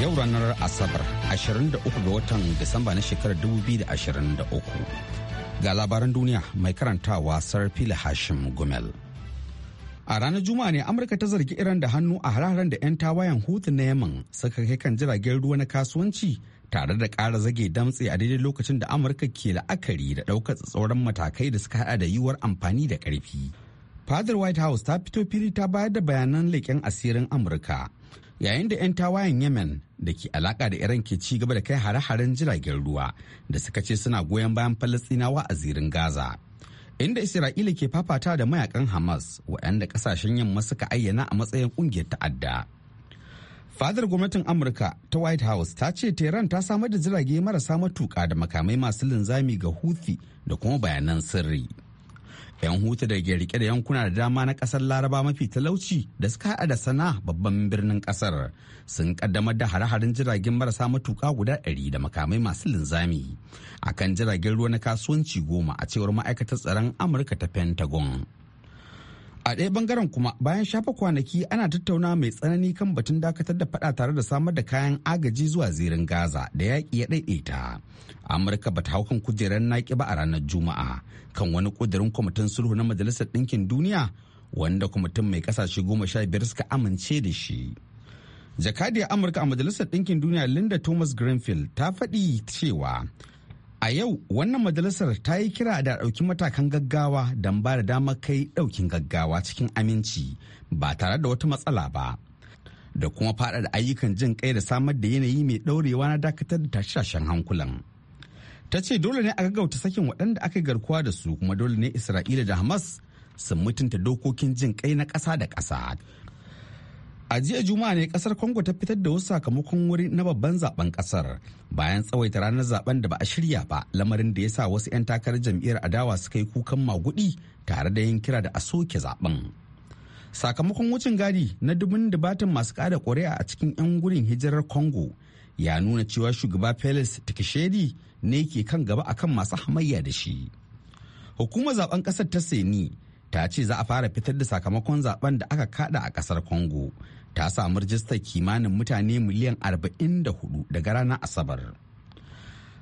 Yau ranar Asabar 23 ga watan Disamba na shekarar 2023. Ga labaran duniya mai karantawa Sarfila Hashim Gumel. A ranar Juma'a ne Amurka ta zargi Iran da hannu a hararen da 'yan tawayen Hutu na Yaman suka kai kan jiragen ruwa na kasuwanci tare da kara zage damtse a daidai lokacin da Amurka ke la'akari da ɗaukar tsoron matakai da suka haɗa da yiwuwar amfani da karfi? Fadar White House ta fito fili ta bayar da bayanan leƙen asirin Amurka yayin da 'yan tawayen Yemen da ke alaka da iran ke ci gaba da kai hare-haren jiragen ruwa da suka ce suna goyon bayan falastinawa a zirin gaza inda isra'ila ke fafata da mayakan hamas waɗanda ƙasashen yamma suka ayyana a matsayin ƙungiyar ta'adda fadar gwamnatin amurka ta white house ta ce tehran ta samar da jirage marasa matuƙa da makamai masu linzami ga houthi da kuma bayanan sirri 'yan huta da ke rike da yankuna da dama na kasar laraba mafi talauci da suka haɗa da sana babban birnin kasar sun kaddamar da hare-haren jiragen marasa matuka guda 100 da makamai masu linzami a kan jiragen ruwa na kasuwanci goma a cewar ma'aikatar tsaron amurka ta pentagon a ɗaya bangaren kuma bayan shafa kwanaki ana tattauna mai tsanani kan batun dakatar da fada tare da samar da kayan agaji zuwa zirin gaza da yaƙi ya ɗaiɗaita amurka bata hau kan kujerar naƙi ba a ranar juma'a kan wani ƙudurin kwamitin sulhu na majalisar ɗinkin duniya wanda kwamitin mai ƙasashe goma sha biyar suka amince da shi jakadiyar amurka a majalisar ɗinkin duniya linda thomas greenfield ta faɗi cewa A yau wannan majalisar ta yi kira da ɗauki matakan gaggawa don ba da damar kai ɗaukin gaggawa cikin aminci ba tare da wata matsala ba. Da kuma faɗaɗa ayyukan jin kai da samar da yanayi mai ɗaurewa na dakatar da tashe hankulan. Ta ce dole ne a gaggauta sakin waɗanda aka garkuwa da su kuma dole ne Isra'ila da Hamas sun mutunta dokokin jin kai na ƙasa da ƙasa. A jiya Juma'a ne kasar Congo ta fitar da wasu sakamakon wuri na babban zaben kasar bayan tsawaita ranar zaben da ba a shirya ba lamarin da ya sa wasu 'yan takarar jam'iyyar adawa suka yi kukan magudi tare da yin kira da a soke zaben. Sakamakon wucin gadi na dubin dubatan masu kada ƙuri'a a cikin 'yan gurin hijirar Congo ya nuna cewa shugaba Felix Tikishedi ne ke kan gaba akan masu hamayya da shi. Hukumar zaben kasar ta Seni ta ce za a fara fitar da sakamakon zaben da aka kada a kasar Congo. ta samu rajistar kimanin mutane miliyan 44 daga ranar asabar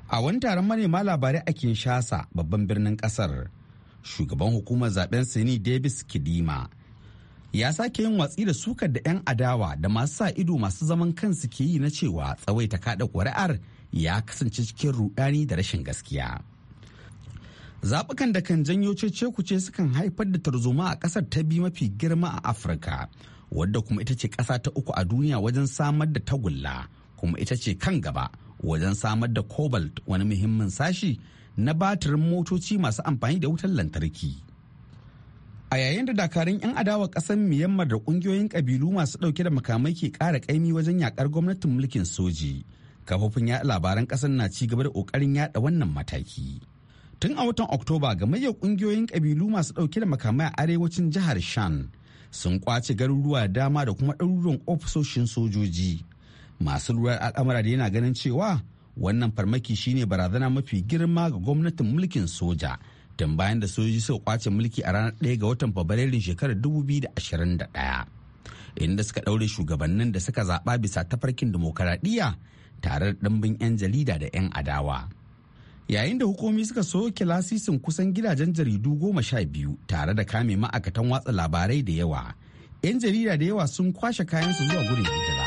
a wani taron manema labarai a kinshasa babban birnin kasar shugaban hukumar zaben sini davis kidima ya sake yin watsi da sukar da 'yan adawa da masu sa ido masu zaman kansu ke yi na cewa tsawaita kada kuri'ar ya kasance cikin rudani da rashin gaskiya zaɓukan da kan janyo cece kuce sukan haifar da tarzoma a ƙasar ta biyu mafi girma a afirka wadda kuma ita ce ƙasa ta uku a duniya wajen samar da tagulla kuma ita ce kan gaba wajen samar da cobalt wani muhimmin sashi na batirin motoci masu amfani da wutar lantarki. A yayin da dakarun 'yan adawa ƙasar miyamma da ƙungiyoyin ƙabilu masu ɗauke da makamai ke ƙara kaimi wajen yakar gwamnatin mulkin soji, kafofin yaɗa labaran ƙasar na ci gaba da ƙoƙarin yaɗa wannan mataki. Tun a watan Oktoba gamayyar ƙungiyoyin ƙabilu masu ɗauke da makamai a arewacin jihar Shan sun kwace garuruwa dama da kuma ɗaruruwan ofisoshin sojoji masu ruwar al'amura da yana ganin cewa wannan farmaki shine barazana mafi girma ga gwamnatin mulkin soja tun bayan da sojoji suka kwace mulki a ranar 1 ga watan fabrairun shekarar 2021 inda suka ɗaure shugabannin da suka zaɓa bisa tafarkin dimokuraɗiyya tare da ɗimbin 'yan jarida da 'yan adawa. yayin da hukumomi suka soke lasisin kusan gidajen jaridu goma sha biyu tare da kame ma'aikatan watsa labarai da yawa yan jarida da yawa sun kwashe kayansu zuwa gurin hijira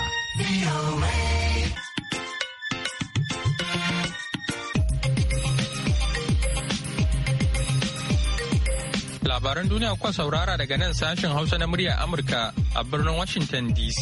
labaran duniya kuwa saurara daga nan sashen hausa na murya amurka a birnin washington dc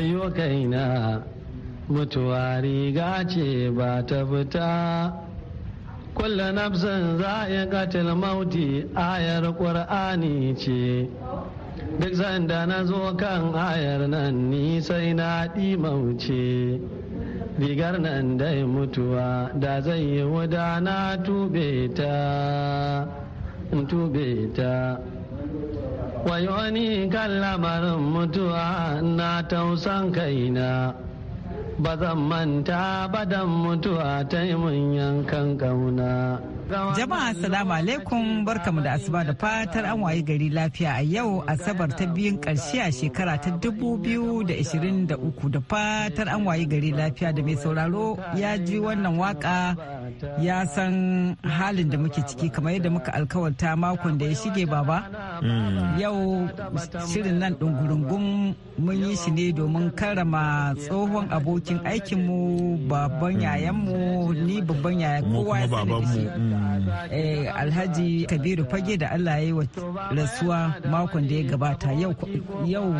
wayo kaina mutuwa riga ce ba ta fita kulla a yi katil mauti ayar ƙur'ani ce duk sanda na zo kan ayar nan ni sai na ɗi mauce rigar nan dai mutuwa da zai yi wuda na tube ta wani kan lamarin mutuwa na tausan kaina ba zan manta badan mutuwa ta yi mun yankan kauna. Jama'a salamu alaikum barkamu da asuba da fatar an wayi gari lafiya a yau asabar ta biyun karshe a shekara ta 2023 da fatar an wayi gari lafiya da mai sauraro ya ji wannan waka ya san halin da muke ciki kamar yadda muka alkawarta makon da ya shige baba. Mm. Yau shirin nan ɗungurungun mun yi shi ne domin karrama tsohon abokin abokin aikin mu hmm. babban yayan mu ni babban yayan kowa ya sani mu eh, alhaji kabiru fage da allah ya yi wa rasuwa makon da ya gabata yau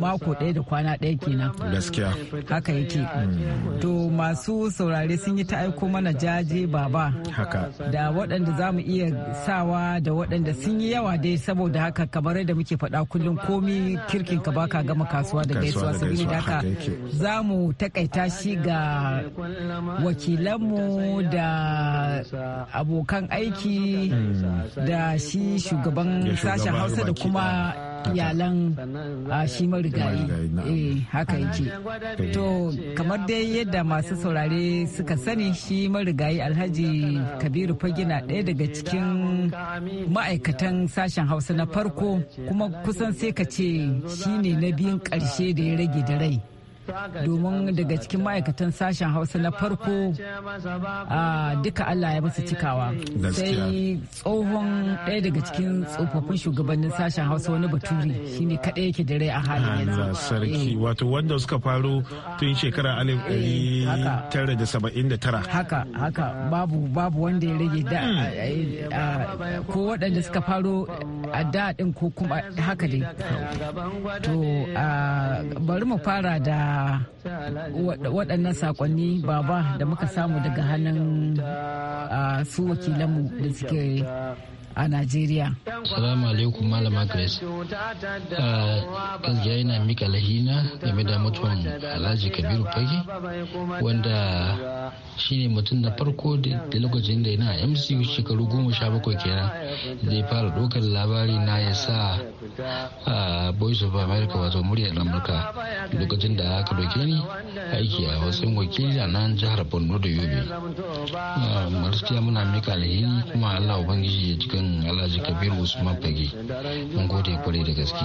mako ɗaya da kwana ɗaya kenan gaskiya haka yake hmm. to masu saurare sun yi ta aiko mana jaje baba haka da waɗanda za mu iya sawa da waɗanda sun yi yawa dai saboda haka kamar da muke faɗa kullum komi kirkin ka baka gama kasuwa da gaisuwa saboda haka za mu ta. takaita shi ga wakilanmu da abokan aiki da shi shugaban sashen hausa da kuma iyalan shi marigayi eh, haka yake to kamar dai yadda masu saurare suka sani shi marigayi alhaji kabiru fagina ɗaya daga cikin ma'aikatan sashen hausa na farko kuma kusan sai ka ce shi ne na biyun ƙarshe da ya rage da rai domin daga cikin ma'aikatan sashen hausa na farko duka allah ya masa cikawa sai tsohon ɗaya daga cikin tsofaffin shugabannin sashen hausa wani baturi shine kaɗai yake da rai a halin yanzu sarki eh. wato wanda suka faro tun shekara alif eh, ɗari tara da saba'in da tara haka haka babu babu wanda ya rage da hmm. ko waɗanda suka faro a daɗin ko kuma haka dai to bari mu fara da waɗannan sakonni baba da muka samu daga hannun ah, su wakilanmu da suke a Najeriya. Salamu alaikum Malama Grace. Uh, gaskiya yana mika lahina game da mutum Alhaji Kabiru Fage wanda shine mutum na farko da lokacin da yana MCU shekaru goma sha bakwai kenan zai fara dokar labari na ya sa boys uh, of America wato muryar Amurka lokacin da aka doke ni aiki a wasan wakili a nan jihar Borno da Yobe. Uh, gaskiya muna mika lahini kuma Allah Ubangiji ya cikin Mm, alhaji kabir usman fage mun gode kwarai da gaske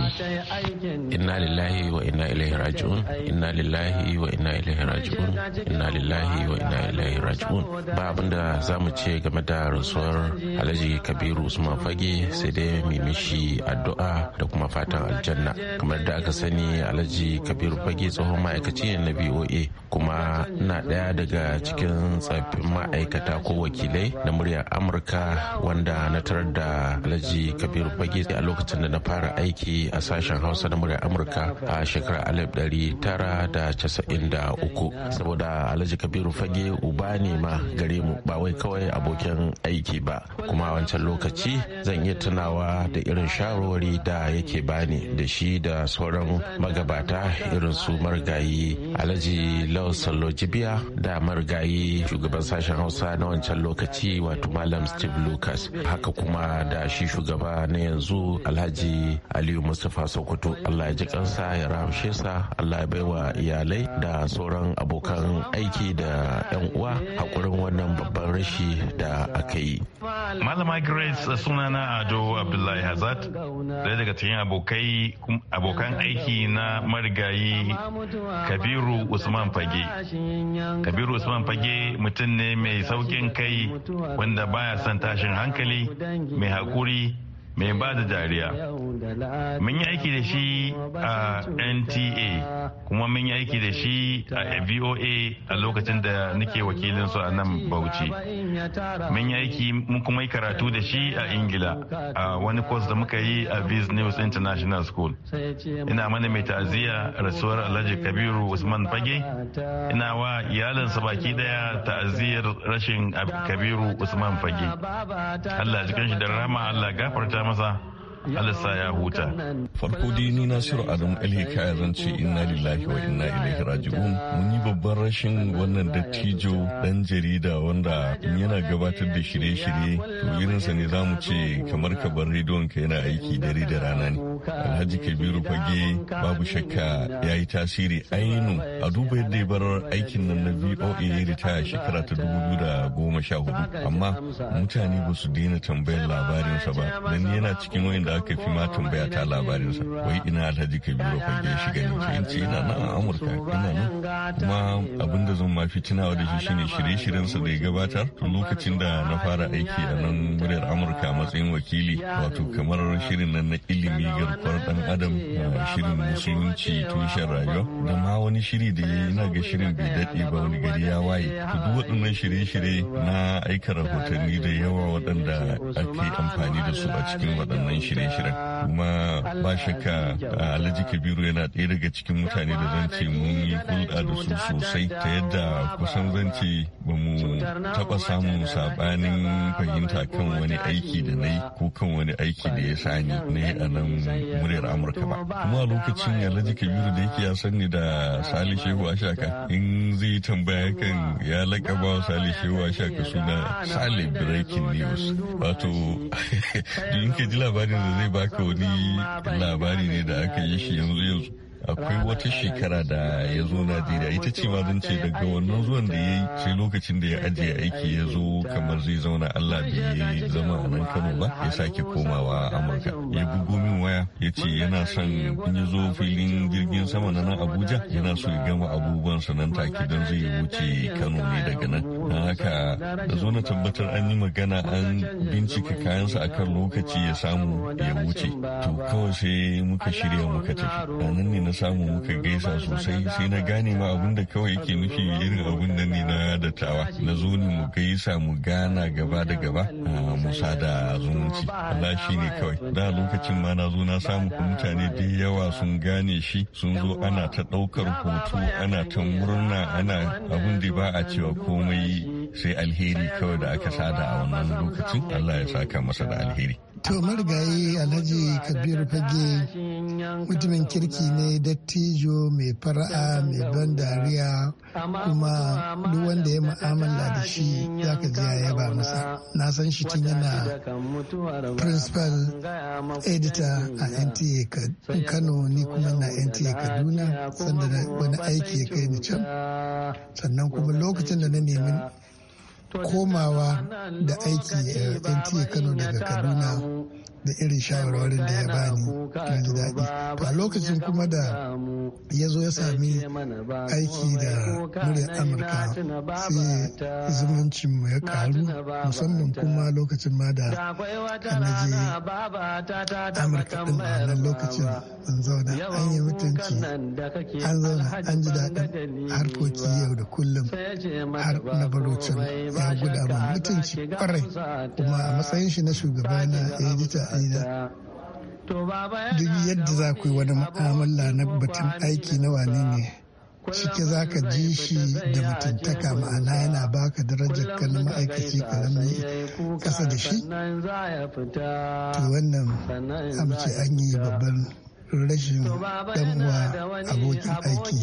inna lillahi wa inna ilaihi raji'un inna lillahi wa inna ilaihi raji'un inna lillahi wa inna ilaihi raji'un ba abin da za mu ce game da rasuwar alhaji kabir usman fage sai dai mu mishi addu'a da kuma fatan aljanna kamar da aka sani alhaji kabir fage tsohon ma'aikaci ne na BOA kuma na ɗaya daga cikin tsaffin ma'aikata ko wakilai na muryar amurka wanda na tarar da alhaji kabiru fage a lokacin da na fara aiki a sashen hausa na muryar amurka a shekarar alif ɗari tara da casa'in da uku saboda alhaji kabiru fage uba ne ma gare mu ba wai kawai abokin aiki ba kuma wancan lokaci zan iya tunawa da irin shawarwari da yake bani da shi da sauran magabata irin su marigayi alhaji lau da marigayi shugaban sashen hausa na wancan lokaci wato malam steve lucas haka kuma kuma da shi shugaba na yanzu alhaji aliyu mustapha sokoto allah ya ji kansa ya rahamshe sa allah ya baiwa iyalai da sauran abokan aiki da yan uwa hakurin wannan babban rashi da aka yi malama grace sunana ado abdullahi hazard daya daga cikin abokan aiki na marigayi kabiru usman fage kabiru usman fage mutum ne mai saukin kai wanda baya son tashin hankali mai hakuri mai ba da dariya mun yi aiki da shi a nta kuma mun yi aiki da shi a voa a lokacin da nake wakilin su a nan bauchi mun yi aiki mun kuma yi karatu da shi a ingila a wani kwas da muka yi a Viz news international school ina mana mai ta'aziyya rasuwar alhaji kabiru usman fage ina wa iyalinsa baki daya ta'aziyyar rashin kabiru usman fage allah jikan shi da rama allah gafarta maza halasta ya huta farko dai ni nasiru adam alhikaya zan ce inna lillahi wa inna ilaihi raji'un mun yi babban rashin wannan dattijo dan jarida wanda yana gabatar da shirye-shirye to irinsa ne za mu ce kamar ka bar rediyon ka yana aiki dare da rana ne alhaji kabiru fage babu shakka ya yi tasiri ainu a duba yadda ya bar aikin nan na voa ya ritaya shekara ta dubu biyu da goma sha hudu amma mutane ba su daina tambayar labarinsa ba nan yana cikin wayanda aka fi ma tambaya ta labarinsa wai ina alhaji kabiru fage shiga in ce ina nan a amurka ina nan kuma abin da zan ma tunawa da shi shine shirye-shiryensa da ya gabatar tun lokacin da na fara aiki a nan muryar amurka a matsayin wakili wato kamar shirin nan na ilimi garkuwar dan adam eh, shirin musulunci tushen rayuwa da ma wani shiri da ya yi na ga shirin bai daɗe ba wani gari ya waye to duk waɗannan shirye-shirye na aika rahotanni da yawa waɗanda ake amfani da su a cikin waɗannan shirye shirye shirin kuma ba shakka alhaji kabiru yana ɗaya daga cikin mutane da zan ce mun yi hulɗa da su sosai ta yadda kusan zan ce ba mu taɓa samun saɓanin fahimta kan wani aiki da na yi ko kan wani aiki da ya sani na yi a nan muryar amurka ba kuma a lokacin alhaji kabiru da yake ya ni da sali shehu ashaka in zai tambaya kan ya laƙaba wa sali shehu ashaka suna sali breaking news wato in ka ji labarin da zai baka wani labari ne da aka yi shi yanzu yanzu akwai wata shekara da ya zo najeriya ita ce ma zan ce daga wannan zuwan da ya yi sai lokacin da ya ajiye aiki ya zo kamar zai zauna allah yi zama a nan kano ba ya sake komawa amurka ya bugo min waya ya ce yana son in ya zo filin jirgin sama na nan abuja yana so ya gama abubuwan sa nan take don zai wuce kano ne daga nan don haka da zo na tabbatar an yi magana an bincika kayansa akan lokaci ya samu ya wuce to kawai sai muka shirya muka tafi nan ne samu muka gaisa sosai sai na gane ma abin da kawai yake nufi irin abin nan ne na dattawa na zo ne mu gaisa mu gana gaba da gaba a musa da zumunci Allah shi ne kawai da lokacin ma na zo na samu mutane da yawa sun gane shi sun zo ana ta ɗaukar hoto ana ta murna ana abin da ba a cewa komai sai alheri kawai da aka sada a wannan lokacin Allah ya saka masa da alheri To marigayi Alhaji Kabiru Fage mutumin kirki ne dattijo mai fara'a mai ban dariya kuma duk wanda ya mu'amala da shi zaka ji ya ba masa. Na san shi tun yana principal editor a NTA Kano ni kuma na NTA Kaduna sanda wani aiki ya kai ni can. Sannan kuma lokacin da na nemi komawa da aiki a eh, nta kano daga kaduna da irin shawarwarin da ya bani na ji daɗi a lokacin kuma da ya zo ya sami aiki da muryar amurka sai zumuncin mu ya karu musamman kuma lokacin ma da annaji amurka ɗin a nan lokacin an zauna an yi mutunci an zauna an ji daɗin harkoki yau da kullum har na baro can ya guda mutunci kwarai kuma a matsayin shi na shugaba na edita duk yadda za ku yi wani mu'amala na batun aiki na wane ne cike za ka ji shi da mutuntaka ma'ana yana baka darajar kan ma'aikaci karami kasa da shi to wannan amce an yi babban rashin dan uwa abokin aiki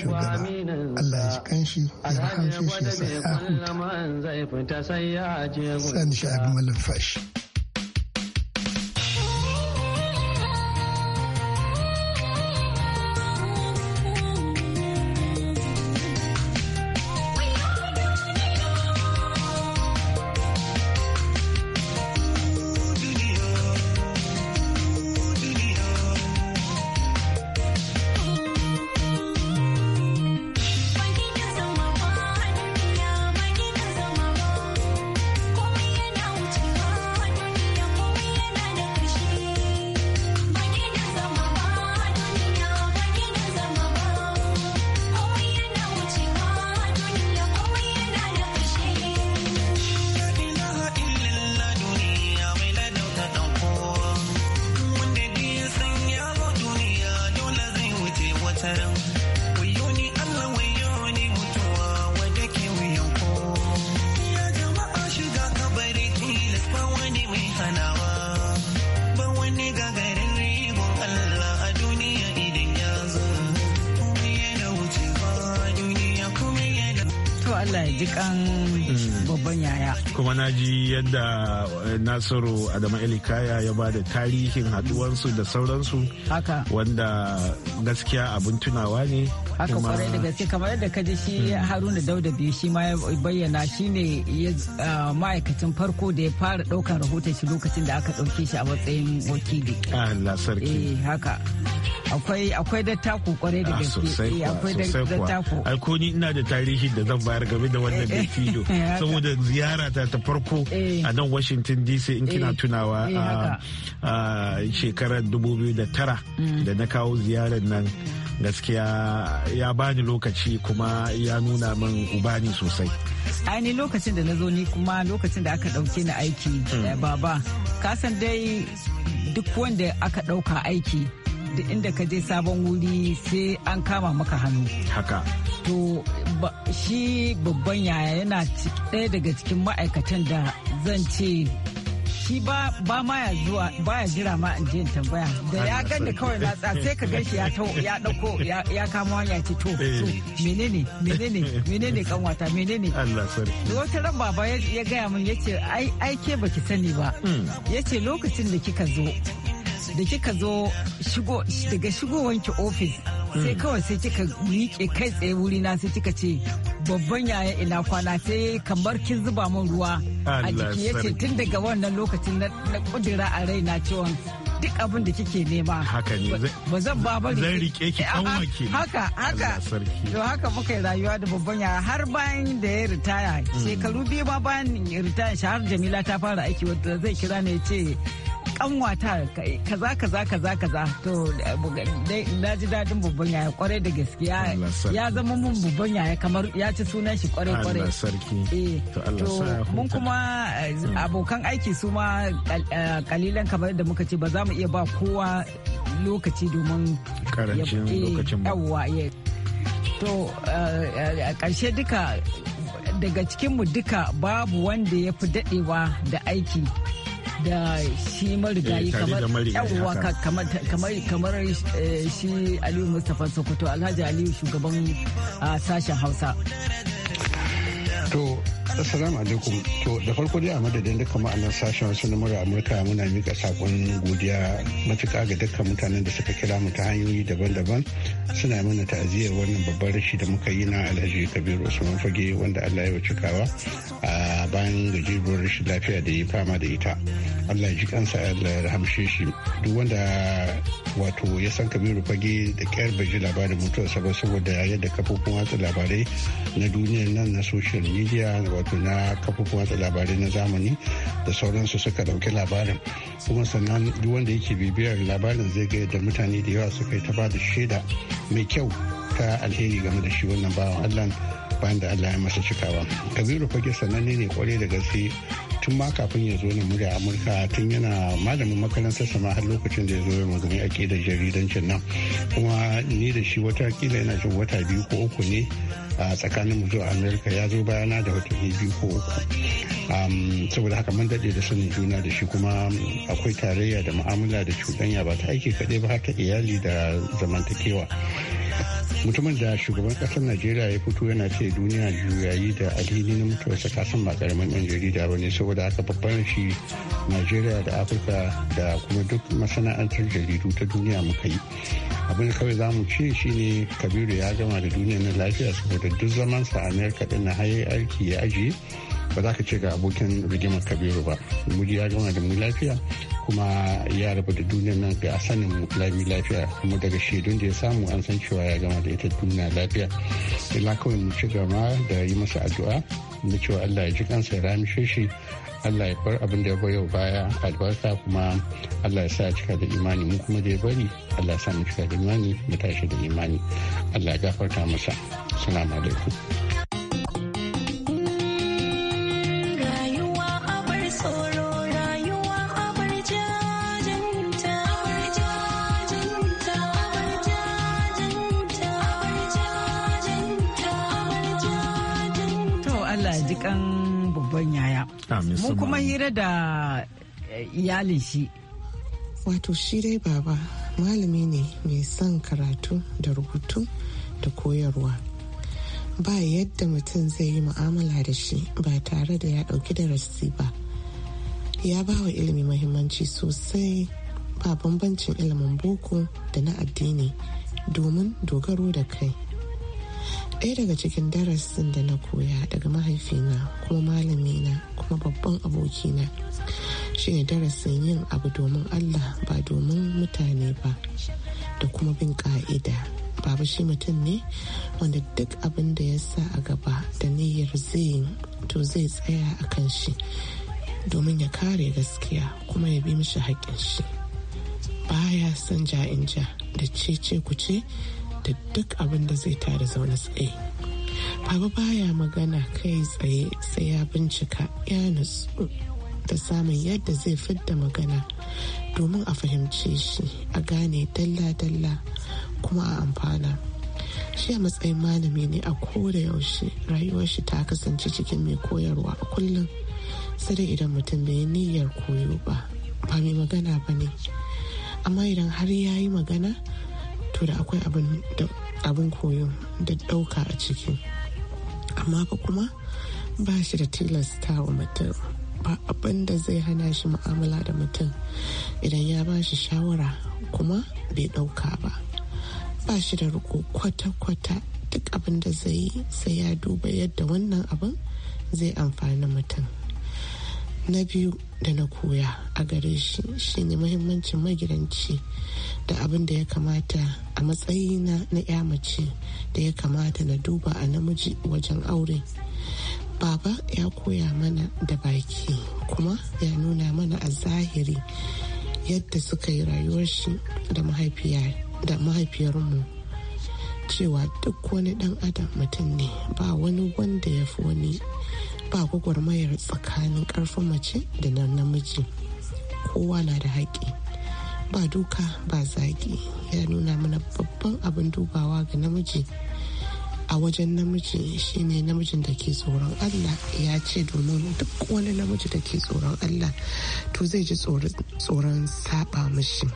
shugaba Allah ya kan shi ya rahamshe shi ya sa ya huta san shi abin malumfashi. fashi Mm. babban yaya kuma na ji yadda eh, nasiru adama elikaya ya ba da tarihin haduwansu da sauransu haka wanda gaskiya abin tunawa ne haka kwarai da gaske kamar yadda ka ji shi mm. haruna dauda biyu shi ma ya bayyana shi ne ah, ma'aikacin farko da ya fara ɗaukan rahoton shi lokacin da aka dauke shi a matsayin wakili. Allah sarki. Eh haka. akwai akwai taku kwarai da ah, gaske eh, akwai da taku alkoni ina da tarihi da zan bayar game da wannan bidiyo eh, eh, saboda ziyara ta ta farko a nan Washington DC in kina tunawa a shekarar 2009 mm. da na kawo ziyarar nan gaskiya ya bani lokaci kuma ya nuna min ubani sosai ainihin lokacin da na zo ni kuma lokacin da aka ɗauke ni aiki mm. baba kasan dai duk wanda aka ɗauka aiki Da inda ka je sabon wuri sai an kama maka hannu haka to shi babban yaya yana ɗaya daga cikin ma'aikatan da zan ce shi ba ma ya zuwa ba ya jira ma in je in tambaya da ya gani kawai na tsa sai ka gan shi ya tau ya dauko ya kama wani ya ce to eh. menene menene menene menene Allah sarki wata ran baba ya gaya min yace ai ai baki sani ba hmm. yace lokacin da kika zo da kika zo shigo daga shigo wanke ofis sai mm. kawai sai kika rike kai tsaye wuri na sai kika ce babban yaya ina kwana sai kamar kin zuba min ruwa a jiki yace tun daga wannan lokacin na kudura a rai na ciwon duk abin da kike nema haka ne ba zan ba bari zan rike ki dan eh, ah, wake haka haka to haka muka rayuwa da babban yaya har bayan da ya ritaya mm. shekaru biyu ba bayan ritaya shahar Jamila ta fara aiki wanda zai kira ne ya ce kanwata kaza kaza kaza kaza to eh, na ji daɗin babban yaya kwarai da gaskiya ya zama mun babban yaya kamar ya ci sunan shi kwarai kwarai eh, to mun kuma eh, abokan aiki su ma kalilan kamar da muka ce ba za mu iya ba kowa lokaci domin karancin lokacin yawwa to a karshe duka daga cikinmu duka babu wanda ya fi daɗewa da aiki da shi marigayi eh, kamar eh, shi aliyu mustapha sokoto alhaji aliyu shugaban ah, sashen hausa to Assalamu alaikum. To da farko dai a madadin duka ma'anar sashen wasu na mura Amurka muna mika sakon godiya matuƙa ga dukkan mutanen da suka kira mu ta hanyoyi daban-daban suna mana ta'aziyar wannan babbar rashi da muka yi na Alhaji Kabiru Usman Fage wanda Allah ya cikawa a bayan gajeruwar rashin lafiya da ya fama da ita. Allah ji kansa Allah ya rahamshe shi duk wanda wato ya san Kabiru Fage da ƙyar bai ji labarin mutuwarsa ba saboda yadda kafofin watsa labarai na duniyar nan na social media wato na kafofin watsa labarai na zamani da sauransu suka dauki labarin kuma sannan duk wanda yake bibiyar labarin zai ga yadda mutane da yawa suka yi ta ba da shaida mai kyau ta alheri game da shi wannan bawan allah bayan da allah ya masa cikawa kabiru fage sananne ne kwarai da gaske tun ma kafin ya zo na murya amurka tun yana malamin makarantar sama har lokacin da ya zo gani ake da jaridancin nan kuma ni da shi wata kila yana jin wata biyu ko uku ne a tsakanin mu zuwa amerika ya zo bayana da watanni biyu ko uku um, saboda haka mun daɗe da sanin juna da shi kuma akwai tarayya da mu'amala da cuɗanya ba ta aiki kaɗai ba har ta iyali da zamantakewa mutumin da shugaban ƙasar najeriya ya fito yana ce duniya juyayi da alhini na mutuwarsa kasan ba karamin ɗan jarida ba ne saboda haka babban shi najeriya da afirka da kuma duk masana'antar jaridu ta duniya muka yi abin kawai za mu ce shine kabiru ya gama da duniya na lafiya saboda duk zaman sa amerika din na haye aiki ya ajiye ba za ka ce ga abokin rigimar kabiru ba muji ya gama da mu lafiya kuma ya rabu da duniyar nan ga sanin mu lafiya kuma daga shaidun da ya samu an san cewa ya gama da ita duniya lafiya illa kawai mu ci gama da yi masa addu'a na cewa allah ya ji kansa ya ramishe shi Allah ya bar abin da ya bayo baya albarka kuma Allah ya sa cika da imani mu kuma da ya bari Allah ya sa mu cika da imani mu tashi da imani Allah ya gafarta masa salamu alaikum Allah ji kan babban yaya mun kuma hira da eh, iyalin shi wato shi dai baba malami ne mai son karatu da rubutu da koyarwa ba yadda mutum zai yi mu'amala da shi ba tare da ya ɗauki darasi ba ya ba wa ilimi mahimmanci sosai ba bambancin ilimin boko da na addini domin dogaro da kai ɗaya daga cikin darasin da na koya daga mahaifina kuma malamina kuma babban abokina shine darasin yin abu domin allah ba domin mutane ba da kuma bin ka'ida baba shi mutum ne wanda duk abin da ya sa a gaba da niyyar zai to zai tsaya a kan shi domin ya kare gaskiya kuma ya bi mishi haƙƙin shi baya son ja in ja da ce ku ce da duk abin da zai tare zaune tsaye baba baya magana kai tsaye sai ya bincika ya nutsu da samun yadda zai fidda magana domin a fahimce shi a gane dalla-dalla kuma a amfana shi a matsayin malami ne a koda yaushe rayuwar shi ta kasance cikin mai koyarwa a kullum sai idan mutum bai niyyar koyo ba ba mai magana ba ne amma idan har ya yi magana to da akwai abin koyo da ɗauka a ciki amma fa kuma ba shi da tilasta wa mutum ba abin da zai hana shi mu'amala da mutum idan ya ba shi shawara kuma bai ɗauka ba ba shi da riko kwata-kwata duk abin da zai yi sai ya duba yadda wannan abin zai amfani mutum na biyu da na koya a gare shi shine muhimmancin magidanci da abin da ya kamata a matsayina na ya mace da ya kamata na duba a namiji wajen aure baba ya koya mana da baki kuma ya nuna mana a zahiri yadda suka yi rayuwar shi da mahaifiyarmu cewa duk wani dan adam mutum ne ba wani wanda ya fi wani ba gwagwarmayar tsakanin karfin mace da na namiji kowa na da haƙƙi ba duka ba zaƙi ya nuna mana babban abin dubawa ga namiji a wajen namiji shine namijin da ke tsoron allah ya ce domin duk wani namiji da ke tsoron allah to zai ji tsoron saba mishi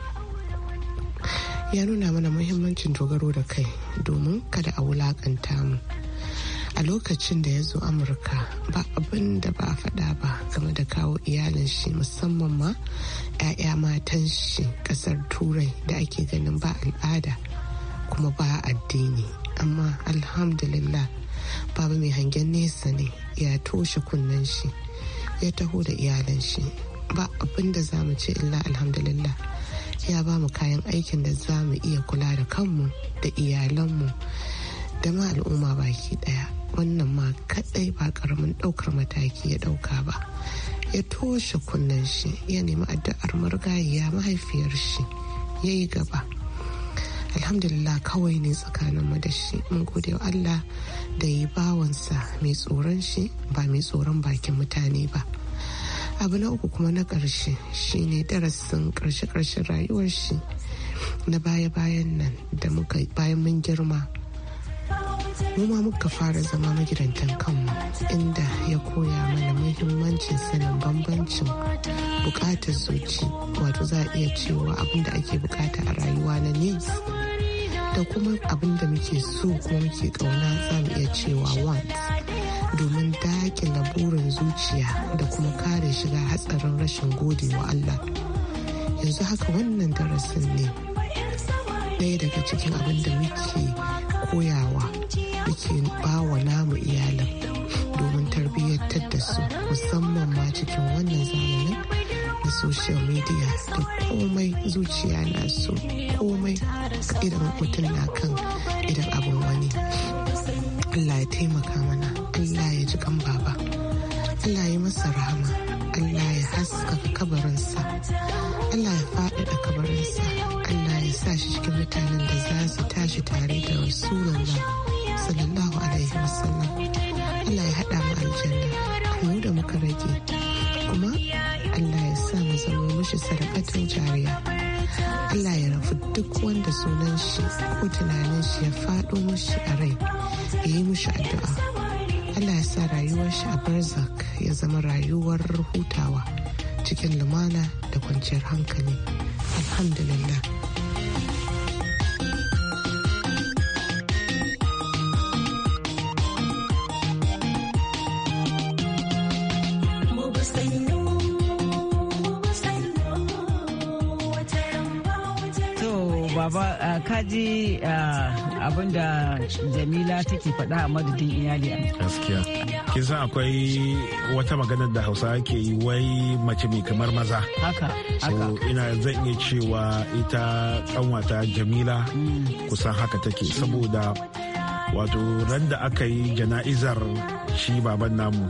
ya nuna mana muhimmancin dogaro da kai domin kada a wulakanta mu a lokacin da ya zo amurka ba abin da ba faɗa ba game da kawo iyalin shi musamman ma 'ya'ya matan shi ƙasar turai da ake ganin ba al'ada kuma ba addini amma alhamdulillah babu mai hangen nesa ne ya toshe kunnen shi ya taho da iyalan shi ba abin da za mu ce illa alhamdulillah ya ba mu kayan aikin da za mu iya kula da kanmu da iyalanmu da ma al'umma baki daya wannan ma kadai ba karamin daukar mataki ya dauka ba ya toshe kunnen shi ya nemi addu'ar margayiya mahaifiyar shi ya yi gaba alhamdulillah kawai ne tsakaninmu da shi mun gode wa allah da yi bawansa mai tsoron shi ba mai tsoron bakin mutane ba abu na uku kuma na ƙarshe shine darasin karshe-karshen rayuwar shi na baya-bayan nan da muka bayan mun girma mu ma muka fara zama magidantan kanmu inda ya koya mana muhimmancin sanin bambancin bukatar zuci wato za a iya cewa abin da ake bukata a rayuwa na ne? da kuma abin da muke so kuma muke kauna za mu iya cewa wants domin dakila burin zuciya da kuma kare shiga hatsarin rashin gode wa Allah yanzu haka wannan darasin ne ɗaya daga cikin abin da muke koyawa ba bawa namu iyalin domin tarbiyyar da su musamman ma cikin wannan zamanin na social media da komai zuciya na so komai idan mutum na kan idan abin wani Allah ya taimaka mana Allah ya ji kan baba Allah ya masa rahama Allah ya haskaka mutanen da za su tashi tare da rasulullah sallallahu alaihi wasallam allah ya haɗa mu aljanna mu da muka rage kuma allah ya sa mu zama mushi sarakatun jariya allah ya rafu duk wanda sunan shi ko tunanin shi ya faɗo mushi a rai ya yi mushi addu'a allah ya sa rayuwar shi a barzak ya zama rayuwar hutawa cikin lumana da kwanciyar hankali alhamdulillah ji ah, abin da jamila take faɗa a madadin iyali gaskiya san akwai wata maganar da hausa ke yi wai mace mai kamar maza haka so ina zan iya cewa ita kanwata jamila mm. kusan haka take saboda wato ran da aka yi jana'izar shi baban namu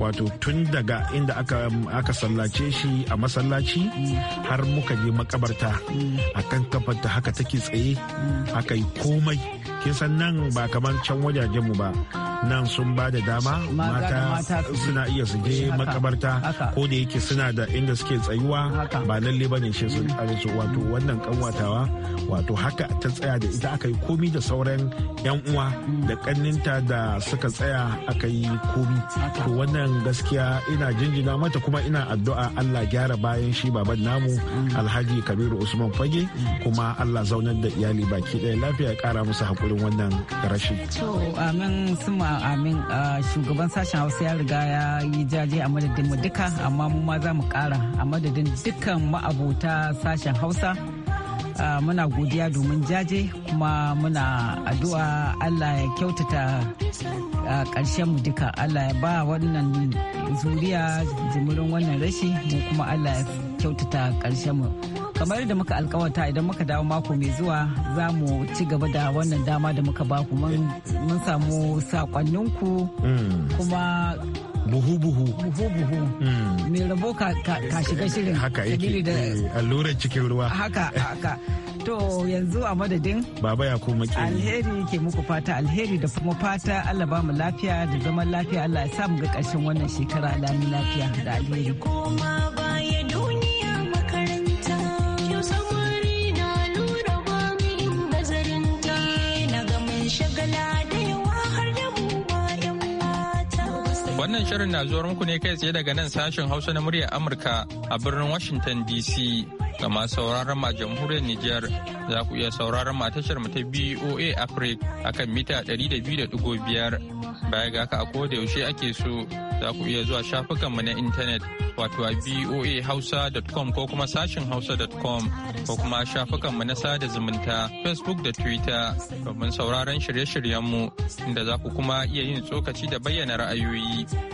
wato tun daga inda aka, sallace shi a masallaci har muka je makabarta a kan kafarta haka take tsaye aka yi komai kisan nan ba kamar can mu ba nan sun ba da dama mata suna iya su je makabarta ko da yake suna da inda suke tsayuwa ba lalle ba ne shi sun mm. wato wannan kanwatawa wato haka ta tsaya da ita aka yi komi da sauran yan uwa da kanninta da suka tsaya aka yi komi to wannan gaskiya ina jinjina mata kuma ina addu'a Allah gyara bayan shi baban namu Alhaji Kabiru Usman Fage kuma Allah zaunar da iyali baki ɗaya lafiya ya kara musu hakurin wannan rashi to amin suma amin shugaban sashen Hausa ya riga ya yi jaje a madadin mu duka amma mu ma za mu kara a madadin dukkan ma'abota sashen Hausa Ah, muna godiya domin jaje kuma muna addu'a Allah ya kyautata ah, ƙarshen mu duka Allah ya ba wannan zuriya jimurin wannan rashi kuma Allah ya kyautata ƙarshen mu. kamar da muka alkawata idan muka dawo mako mai zuwa za mu ci gaba da wannan dama da muka baku mun samu sakonninku mm. kuma buhu-buhu. Buhu-buhu. Mm. Mai rabo ka shiga shirin. Haka yake eh, allurar cikin ruwa. Haka haka. To yanzu a madadin. Baba ya kuma ke. Alheri ke muku fata alheri da kuma fata Allah ba mu lafiya da zaman lafiya Allah ya sa mu ga ƙarshen wannan shekara lami lafiya da alheri. Wannan shirin na zuwar muku ne kai tsaye daga nan sashen Hausa na muryar Amurka a birnin Washington DC. Ga masu sauraron ma jamhuriyar Nijar za ku iya sauraron ma tashar mu ta BOA Africa akan mita 200.5 Baya ga haka a koda yaushe ake so za ku iya zuwa shafukanmu na intanet wato a voahausa.com ko kuma sashin hausa.com ko kuma shafukanmu na sada zumunta Facebook da Twitter domin sauraron shirye-shiryenmu inda za ku kuma iya yin tsokaci da bayyana ra'ayoyi.